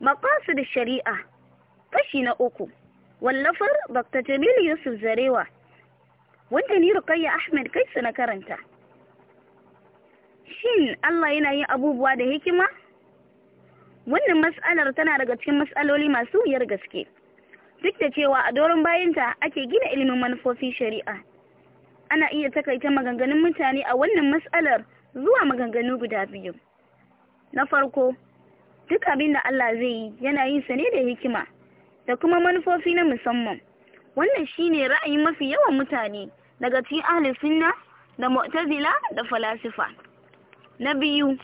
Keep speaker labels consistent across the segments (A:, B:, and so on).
A: da shari'a kashi na uku wallafar Dr. Jamilu Yusuf Zarewa wanda ni Rukayya Ahmed kai na karanta Shin Allah yana yin abubuwa da hikima Wannan mas'alar tana daga cikin mas'aloli masu wuyar gaske duk da cewa a doron bayanta ake gina ilimin manufofin shari'a ana iya takaita maganganun mutane a wannan mas'alar zuwa maganganu guda biyu na farko duk abin da Allah zai yi yana yin sa ne da hikima da kuma manufofi na musamman wannan shine ra'ayin mafi yawan mutane daga cikin ahli sunna da mu'tazila da falasifa na biyu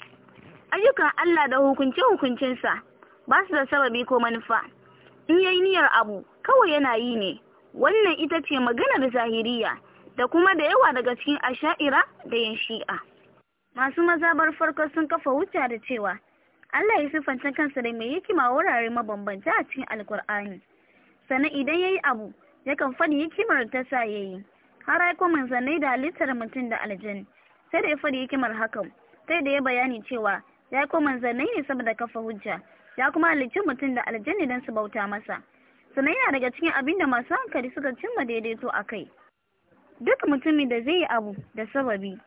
A: ayyukan Allah da hukunce sa ba su da sababi ko manufa in yayi niyyar abu kawai yana yi ne wannan ita ce maganar zahiriya da kuma da yawa daga cikin asha'ira da yan shi'a masu mazabar farko sun kafa wuta da cewa Allah ya siffanta kansa da mai hikima wurare mabambanta a cikin alkur'ani sannan idan ya yi abu ya kan faɗi hikimar ta sa ya yi har aiko manzannai da halittar mutum da aljan sai da ya faɗi hikimar hakan sai da ya bayani cewa ya aiko manzannai ne saboda kafa hujja ya kuma halicci mutum da aljan don su bauta masa sannan yana daga cikin abin da masu hankali suka cimma daidaito a kai duk mutumin da zai yi abu da sababi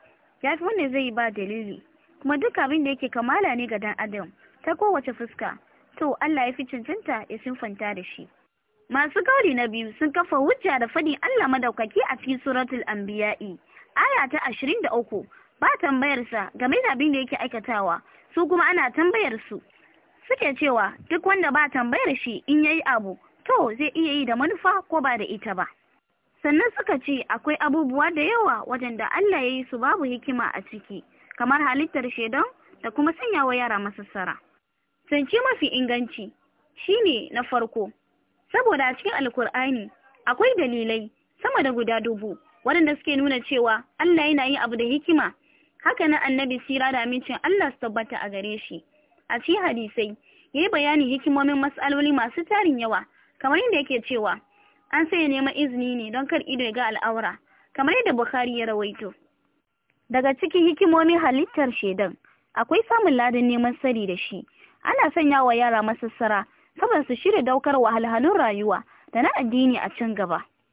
A: ya fi wanda zai yi ba dalili kuma duk abin da yake kamala ne ga dan adam ta kowace fuska to Allah ya fi cancanta ya sinfanta da shi masu kauri na biyu sun kafa hujja da fadin Allah madaukaki a cikin suratul anbiya'i aya ta 23 ba tambayar sa game da abin da yake aikatawa su kuma ana tambayar su suke cewa duk wanda ba tambayar shi in yayi abu to zai iya yi da manufa ko ba da ita ba sannan suka ce akwai abubuwa da yawa wajen da Allah ya yi su babu hikima a ciki kamar halittar shaidan da kuma sanya wa yara masassara. Zance mafi inganci shi ne na farko, saboda a cikin Alkur'ani akwai dalilai sama da guda dubu waɗanda suke nuna cewa Allah yana yin abu da hikima, haka na annabi sira da amincin Allah su tabbata a gare shi. A cikin hadisai, ya yi bayani hikimomin matsaloli masu tarin yawa, kamar yadda yake cewa, an sai neman izini ne don kar ido ya ga al'aura, kamar yadda Bukhari ya rawaito. Daga cikin hikimomin halittar shaidan, akwai samun ladin neman sani da shi. Ana sanya wa yara masassara saboda su shirya daukar wahalhalun rayuwa da na addini a can gaba.